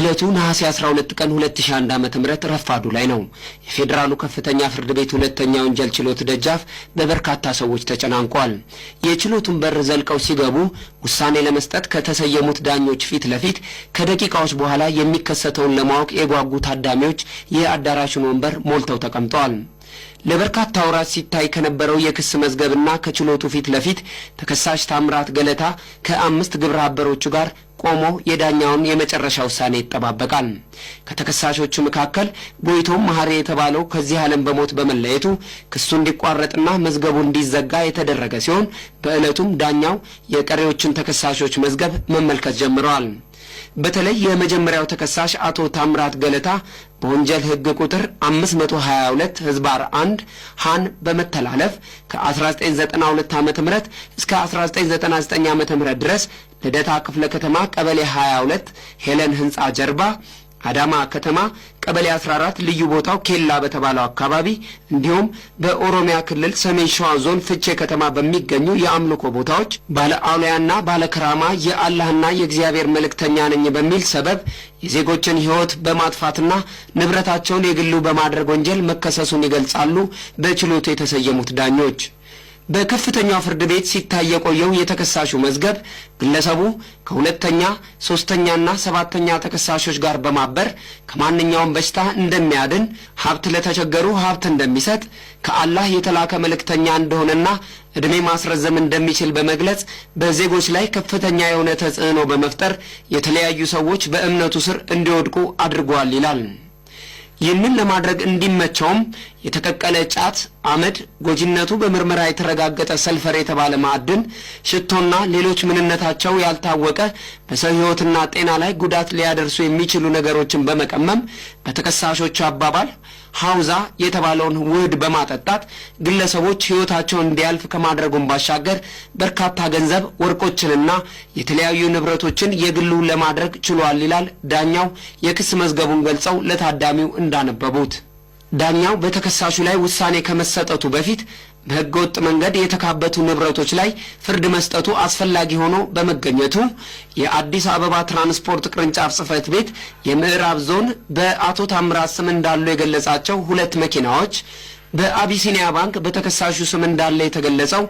ዕለቱ ነሐሴ 12 ቀን 2001 ዓ.ም ረፋዱ ላይ ነው። የፌዴራሉ ከፍተኛ ፍርድ ቤት ሁለተኛ ወንጀል ችሎት ደጃፍ በበርካታ ሰዎች ተጨናንቋል። የችሎቱን በር ዘልቀው ሲገቡ ውሳኔ ለመስጠት ከተሰየሙት ዳኞች ፊት ለፊት ከደቂቃዎች በኋላ የሚከሰተውን ለማወቅ የጓጉ ታዳሚዎች የአዳራሹን ወንበር ሞልተው ተቀምጠዋል። ለበርካታ ወራት ሲታይ ከነበረው የክስ መዝገብና ከችሎቱ ፊት ለፊት ተከሳሽ ታምራት ገለታ ከአምስት ግብረ አበሮቹ ጋር ቆሞ የዳኛውን የመጨረሻ ውሳኔ ይጠባበቃል። ከተከሳሾቹ መካከል ጎይቶም መሐሪ የተባለው ከዚህ ዓለም በሞት በመለየቱ ክሱ እንዲቋረጥና መዝገቡ እንዲዘጋ የተደረገ ሲሆን በዕለቱም ዳኛው የቀሪዎቹን ተከሳሾች መዝገብ መመልከት ጀምረዋል። በተለይ የመጀመሪያው ተከሳሽ አቶ ታምራት ገለታ በወንጀል ሕግ ቁጥር 522 ህዝባር 1 ሃን በመተላለፍ ከ1992 ዓ ም እስከ 1999 ዓ ም ድረስ ልደታ ክፍለ ከተማ ቀበሌ 22 ሄለን ህንፃ ጀርባ አዳማ ከተማ ቀበሌ 14 ልዩ ቦታው ኬላ በተባለው አካባቢ እንዲሁም በኦሮሚያ ክልል ሰሜን ሸዋ ዞን ፍቼ ከተማ በሚገኙ የአምልኮ ቦታዎች ባለ አውሊያና ባለ ክራማ የአላህና የእግዚአብሔር መልእክተኛ ነኝ በሚል ሰበብ የዜጎችን ሕይወት በማጥፋትና ንብረታቸውን የግሉ በማድረግ ወንጀል መከሰሱን ይገልጻሉ በችሎቱ የተሰየሙት ዳኞች። በከፍተኛው ፍርድ ቤት ሲታይ የቆየው የተከሳሹ መዝገብ ግለሰቡ ከሁለተኛ ሶስተኛና ሰባተኛ ተከሳሾች ጋር በማበር ከማንኛውም በሽታ እንደሚያድን፣ ሀብት ለተቸገሩ ሀብት እንደሚሰጥ፣ ከአላህ የተላከ መልእክተኛ እንደሆነና ዕድሜ ማስረዘም እንደሚችል በመግለጽ በዜጎች ላይ ከፍተኛ የሆነ ተጽዕኖ በመፍጠር የተለያዩ ሰዎች በእምነቱ ስር እንዲወድቁ አድርጓል ይላል። ይህንን ለማድረግ እንዲመቸውም የተቀቀለ ጫት አመድ ጎጂነቱ በምርመራ የተረጋገጠ ሰልፈር የተባለ ማዕድን፣ ሽቶና ሌሎች ምንነታቸው ያልታወቀ በሰው ሕይወትና ጤና ላይ ጉዳት ሊያደርሱ የሚችሉ ነገሮችን በመቀመም በተከሳሾቹ አባባል ሐውዛ የተባለውን ውህድ በማጠጣት ግለሰቦች ሕይወታቸውን እንዲያልፍ ከማድረጉን ባሻገር በርካታ ገንዘብ ወርቆችንና የተለያዩ ንብረቶችን የግሉ ለማድረግ ችሏል ይላል ዳኛው የክስ መዝገቡን ገልጸው ለታዳሚው እንዳነበቡት ዳኛው በተከሳሹ ላይ ውሳኔ ከመሰጠቱ በፊት በህገወጥ መንገድ የተካበቱ ንብረቶች ላይ ፍርድ መስጠቱ አስፈላጊ ሆኖ በመገኘቱ የአዲስ አበባ ትራንስፖርት ቅርንጫፍ ጽሕፈት ቤት የምዕራብ ዞን በአቶ ታምራት ስም እንዳሉ የገለጻቸው ሁለት መኪናዎች በአቢሲኒያ ባንክ በተከሳሹ ስም እንዳለ የተገለጸው